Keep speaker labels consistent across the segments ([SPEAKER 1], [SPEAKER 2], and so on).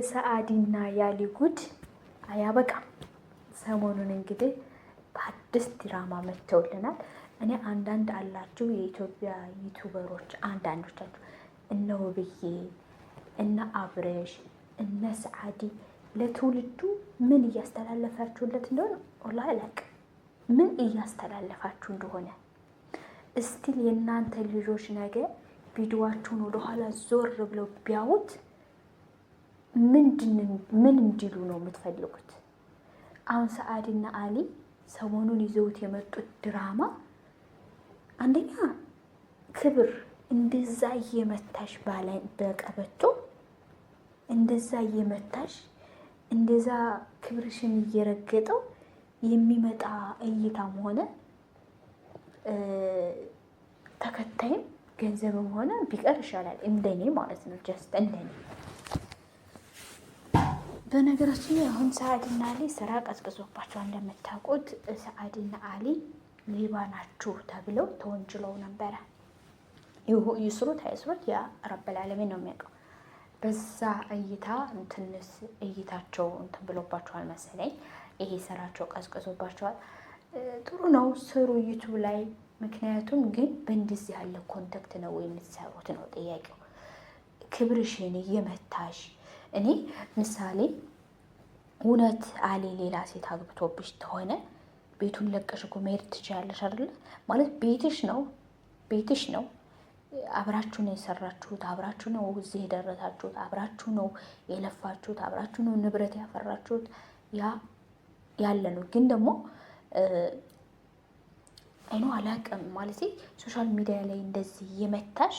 [SPEAKER 1] የሰአዲና ያሊ ጉድ አያበቃም። ሰሞኑን እንግዲህ በአዲስ ድራማ መጥተውልናል። እኔ አንዳንድ አላችሁ የኢትዮጵያ ዩቱበሮች አንዳንዶቻችሁ እነ ውብዬ እነ አብረሽ እነ ሰአዲ ለትውልዱ ምን እያስተላለፋችሁለት እንደሆነ ወላሂ ምን እያስተላለፋችሁ እንደሆነ እስቲል የእናንተ ልጆች ነገ ቪዲዮዋችሁን ወደኋላ ዞር ብለው ቢያዩት ምን እንዲሉ ነው የምትፈልጉት? አሁን ሰአድና አሊ ሰሞኑን ይዘውት የመጡት ድራማ አንደኛ ክብር እንደዛ እየመታሽ ባለ በቀበቶ እንደዛ እየመታሽ እንደዛ ክብርሽን እየረገጠው የሚመጣ እይታም ሆነ ተከታይም ገንዘብም ሆነ ቢቀር ይሻላል፣ እንደኔ ማለት ነው። ጀስት እንደኔ በነገራችን ላይ አሁን ሰአድና አሊ ስራ ቀዝቅዞባቸው እንደምታውቁት ሰአድና አሊ ሌባ ናችሁ ተብለው ተወንጅለው ነበረ። ይስሩት አይስሩት ያ ረበል ነው የሚያውቀው። በዛ እይታ ትንስ እይታቸው እንትን ብሎባቸዋል መሰለኝ። ይሄ ስራቸው ቀዝቅዞባቸዋል። ጥሩ ነው ስሩ ዩቱብ ላይ። ምክንያቱም ግን በእንደዚህ ያለ ኮንተክት ነው ወይ የምትሰሩት ነው ጥያቄው። ክብርሽን እየመታሽ እኔ ምሳሌ እውነት አሌ ሌላ ሴት አግብቶብሽ ተሆነ ቤቱን ለቀሽ እኮ መሄድ ትችያለሽ አይደለ? ማለት ቤትሽ ነው ቤትሽ ነው። አብራችሁ ነው የሰራችሁት፣ አብራችሁ ነው እዚህ የደረሳችሁት፣ አብራችሁ ነው የለፋችሁት፣ አብራችሁ ነው ንብረት ያፈራችሁት። ያ ያለ ነው። ግን ደግሞ አይኖ አላቅም ማለት ሶሻል ሚዲያ ላይ እንደዚህ የመታሽ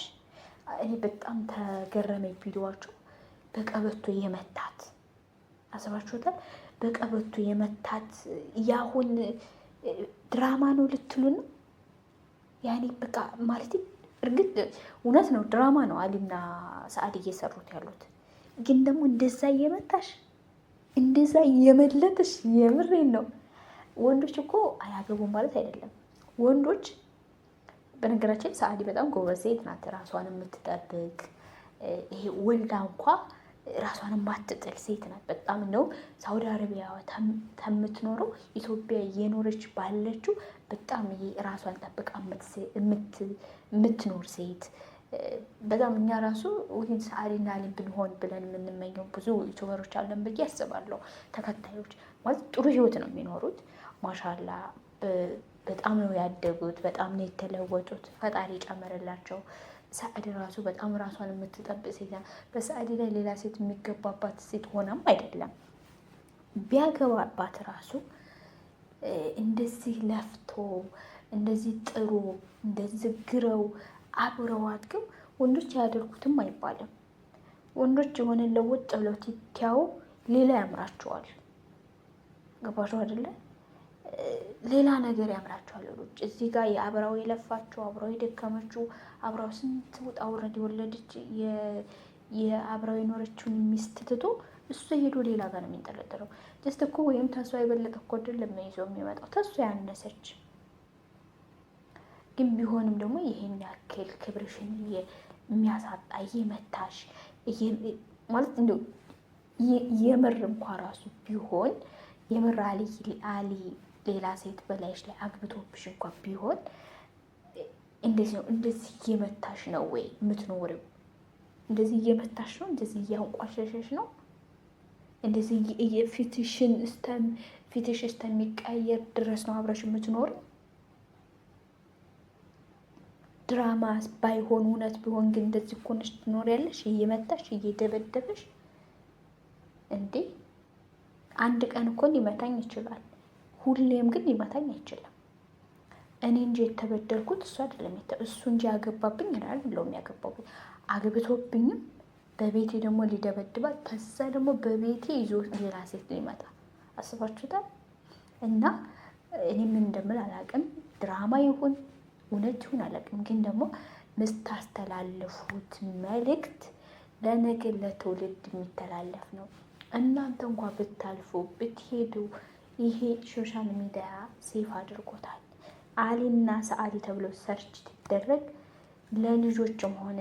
[SPEAKER 1] እኔ በጣም ተገረመኝ። ቪዲዮዋችሁ በቀበቶ የመታት አስባችሁታል? በቀበቶ የመታት ያሁን ድራማ ነው ልትሉ ነው። ያኔ በቃ ማለት እርግጥ እውነት ነው ድራማ ነው አሊና ሰአድ እየሰሩት ያሉት። ግን ደግሞ እንደዛ እየመታሽ እንደዛ እየመለጥሽ የምሬን ነው። ወንዶች እኮ አያገቡም ማለት አይደለም። ወንዶች በነገራችን ሰአዲ በጣም ጎበዝ ሴት ናት። ራሷን የምትጠብቅ ይሄ ወልዳ እንኳ ራሷን ማትጥል ሴት ናት። በጣም ነው ሳውዲ አረቢያ ከምትኖረው ኢትዮጵያ እየኖረች ባለችው በጣም ራሷን ጠብቃ የምትኖር ሴት በጣም እኛ ራሱ ውይን ሰአሊና ሊም ብንሆን ብለን የምንመኘው ብዙ ዩቱበሮች አለን ብዬ ያስባለሁ። ተከታዮች ማለት ጥሩ ህይወት ነው የሚኖሩት። ማሻላ በጣም ነው ያደጉት፣ በጣም ነው የተለወጡት። ፈጣሪ ጨመረላቸው። ሰአድ ራሱ በጣም ራሷን የምትጠብቅ ሴት ናት። በሰአድ ላይ ሌላ ሴት የሚገባባት ሴት ሆናም አይደለም ቢያገባባት ራሱ እንደዚህ ለፍቶ እንደዚህ ጥሩ እንደዚህ ግረው አብረዋት ግን ወንዶች አያደርጉትም አይባልም። ወንዶች የሆነ ለወጥ ብለው ትቲያው ሌላ ያምራቸዋል። ገባቸው አይደለም ሌላ ነገር ያምራቸዋል። ሌሎች እዚህ ጋር የአብራው የለፋችው አብራው የደከመችው አብራው ስንት ውጣ ውረድ የወለደች የአብራው የኖረችውን ሚስት ትቶ እሱ ሄዶ ሌላ ጋር ነው የሚንጠለጠለው። ጀስት እኮ ወይም ተሷ የበለጠ እኮ አይደለም ይዞ የሚመጣው ተሷ ያነሰች ግን ቢሆንም ደግሞ ይሄን ያክል ክብርሽን የሚያሳጣ እየመታሽ ማለት እንደ የምር እንኳ ራሱ ቢሆን የምር አሊ አሊ ሌላ ሴት በላይሽ ላይ አግብቶብሽ እንኳ ቢሆን እንደዚህ ነው። እንደዚህ እየመታሽ ነው ወይ የምትኖሪው? እንደዚህ እየመታሽ ነው፣ እንደዚህ እያንቋሸሸሽ ነው፣ እንደዚህ ፊትሽን ፊትሽ እስከሚቀየር ድረስ ነው አብረሽ የምትኖር? ድራማ ባይሆን እውነት ቢሆን ግን እንደዚህ እኮ ነሽ ትኖሪያለሽ፣ እየመታሽ እየደበደበሽ። እንዴ አንድ ቀን እኮ ሊመታኝ ይችላል ሁሌም ግን ሊመታኝ አይችልም። እኔ እንጂ የተበደልኩት እሱ አይደለም። እሱ እንጂ ያገባብኝ ይላል ብለው የሚያገባብኝ አግብቶብኝም በቤቴ ደግሞ ሊደበድባል። ከዛ ደግሞ በቤቴ ይዞ ሌላ ሴት ሊመጣ አስባችሁታል። እና እኔ ምን እንደምል አላቅም። ድራማ ይሁን እውነት ይሁን አላቅም። ግን ደግሞ ምስታስተላልፉት መልእክት ለነገ ለትውልድ የሚተላለፍ ነው። እናንተ እንኳ ብታልፉ ብትሄዱ ይሄ ሶሻል ሚዲያ ሴፍ አድርጎታል። አሊና ሰአሊ ተብሎ ሰርች ትደረግ ለልጆችም ሆነ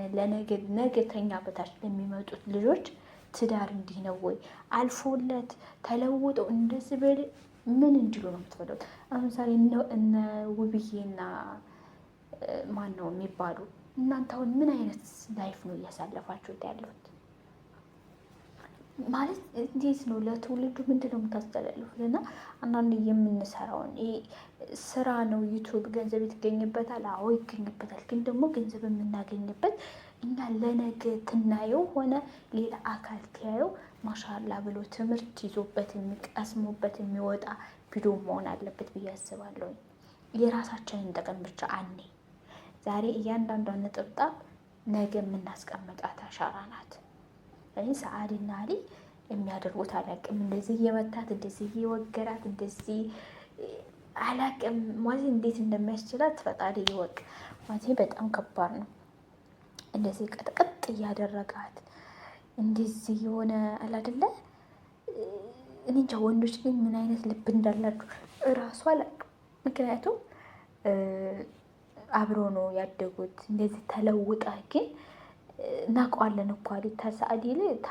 [SPEAKER 1] ለነገተኛ በታች ለሚመጡት ልጆች ትዳር እንዲህ ነው ወይ አልፎለት ተለውጠው እንደዚህ በል ምን እንዲሉ ነው የምትፈለው? ለምሳሌ እነ ውብዬና ማን ነው የሚባሉ እናንተ አሁን ምን አይነት ላይፍ ነው እያሳለፋችሁት ያለሁት? ማለት እንዴት ነው ለትውልዱ ምንድን ነው የምታስተላልፉት? እና አንዳንድ የምንሰራውን ስራ ነው ዩቱብ ገንዘብ ይገኝበታል። አዎ ይገኝበታል። ግን ደግሞ ገንዘብ የምናገኝበት እኛ ለነገ ትናየው ሆነ ሌላ አካል ትያየው ማሻላ ብሎ ትምህርት ይዞበት የሚቀስሙበት የሚወጣ ቪዲዮ መሆን አለበት ብዬ አስባለሁ። የራሳችንን ጥቅም ብቻ አኔ ዛሬ እያንዳንዷን ነጥብጣብ ነገ የምናስቀምጣት አሻራ ናት። እኔ ሰአድና አሊ የሚያደርጉት አላቅም። እንደዚህ የመታት እንደዚህ የወገራት እንደዚህ አላቅም ማለት እንዴት እንደሚያስችላት ፈጣሪ ይወቅ። ማለት በጣም ከባድ ነው። እንደዚህ ቀጥቀጥ እያደረጋት እንደዚህ የሆነ አላደለ እኔ እንጃ። ወንዶች ግን ምን አይነት ልብ እንዳላችሁ እራሱ አላቅም። ምክንያቱም አብሮ ነው ያደጉት እንደዚህ ተለውጣ ግን እናውቀዋለን እኮ አይደል? ተሳዕድ ይልቅ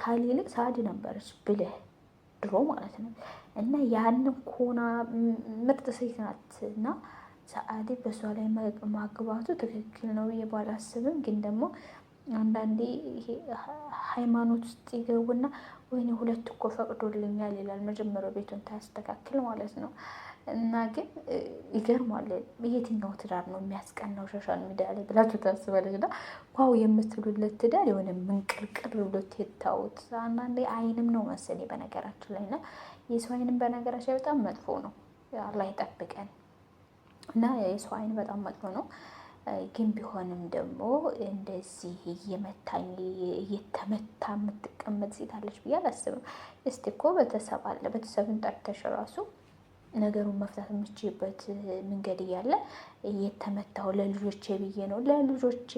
[SPEAKER 1] ታሊ ይልቅ ሳዕድ ነበረች ብልህ ድሮ ማለት ነው። እና ያንን ኮና ምርጥ ሴት ናት እና ሰአዲ በሷ ላይ ማግባቱ ትክክል ነው ብዬ ባላስብም፣ ግን ደግሞ አንዳንዴ ይሄ ሃይማኖት ውስጥ ይገቡና ወይኔ ሁለት እኮ ፈቅዶልኛል ይላል። መጀመሪያ ቤቱን ታያስተካክል ማለት ነው። እና ግን ይገርማል። የትኛው ትዳር ነው የሚያስቀናው ሶሻል ሚዲያ ላይ ብላችሁ ታስባለች እና ዋው የምትሉለት ትዳር የሆነ ምንቅልቅል ብሎት የታወት አንዳንዴ አይንም ነው መሰለኝ በነገራችን ላይ እና የሰው አይንም በነገራችን ላይ በጣም መጥፎ ነው። አላህ ይጠብቀን እና የሰው አይን በጣም መጥፎ ነው። ግን ቢሆንም ደግሞ እንደዚህ እየመታኝ እየተመታ የምትቀመጥ ሴት አለች ብዬ አላስብም። እስቲ እኮ ቤተሰብ አለ ቤተሰብን ጠርተሽ ራሱ ነገሩን መፍታት የምችልበት መንገድ እያለ የተመታው ለልጆቼ ብዬ ነው፣ ለልጆቼ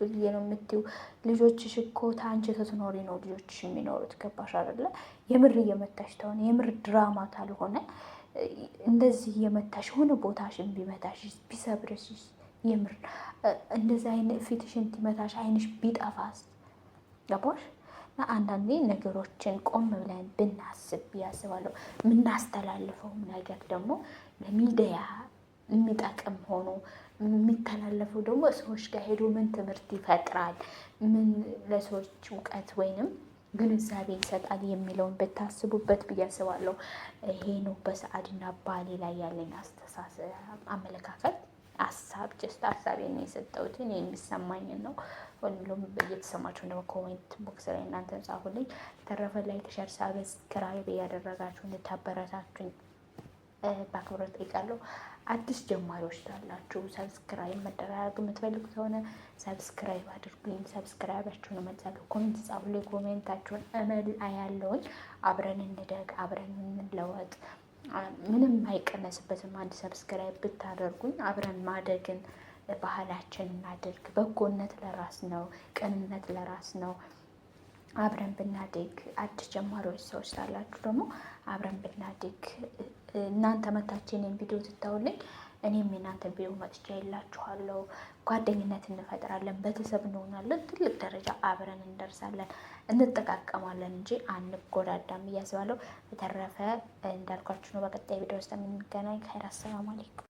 [SPEAKER 1] ብዬ ነው የምትዩ። ልጆችሽ እኮ ታንቺ ስትኖሪ ነው ልጆችሽ የሚኖሩት። ገባሽ አይደለ? የምር እየመታሽ ተሆነ የምር ድራማ ካልሆነ እንደዚህ እየመታሽ የሆነ ቦታሽን ቢመታሽ ቢሰብርሽ፣ የምር እንደዚህ አይነት ፊትሽን ትመታሽ አይንሽ ቢጠፋስ? ገባሽ? አንዳንዴ ነገሮችን ቆም ብለን ብናስብ ያስባለሁ። የምናስተላልፈውም ነገር ደግሞ ለሚዲያ የሚጠቅም ሆኖ የሚተላለፈው ደግሞ ሰዎች ጋር ሄዶ ምን ትምህርት ይፈጥራል፣ ምን ለሰዎች እውቀት ወይንም ግንዛቤ ይሰጣል የሚለውን ብታስቡበት ብዬ ይሄ ነው በሰዓድና ባሌ ላይ ያለኝ አስተሳሰብ አመለካከት። አሳብ ጀስት ሀሳቤን የሰጠሁት እኔ የሚሰማኝን ነው። ሁሉም እየተሰማችሁ ደግሞ ኮሜንት ቦክስ ላይ እናንተ ጻፉልኝ። ተረፈ ላይ ተሸር ሰብስክራይብ እያደረጋችሁ እንድታበረታችሁኝ በአክብሮት ጠይቃለሁ። አዲስ ጀማሪዎች ታላችሁ ሰብስክራይብ መደረግ የምትፈልጉ ከሆነ ሰብስክራይብ አድርጉኝ። ሰብስክራይባችሁን እመልሳለሁ። ኮሜንት ጻፉልኝ። ኮሜንታችሁን እመል አያለውኝ። አብረን እንደግ፣ አብረን እንለወጥ። ምንም አይቀነስበትም። አንድ ሰብስክራይብ ብታደርጉኝ አብረን ማደግን ባህላችን እናድርግ። በጎነት ለራስ ነው። ቅንነት ለራስ ነው። አብረን ብናድግ አዲስ ጀማሪዎች ሰዎች ላላችሁ ደግሞ አብረን ብናድግ እናንተ መታችሁ የእኔን ቪዲዮ ትታውልኝ እኔም የእናንተ ቪዲዮ መጥቻ የላችኋለሁ። ጓደኝነት እንፈጥራለን፣ ቤተሰብ እንሆናለን፣ ትልቅ ደረጃ አብረን እንደርሳለን፣ እንጠቃቀማለን እንጂ አንጎዳዳም እያስባለሁ። በተረፈ እንዳልኳችሁ ነው። በቀጣይ ቪዲዮ ውስጥ የምንገናኝ። ከይር አሰላሙ አለይኩም።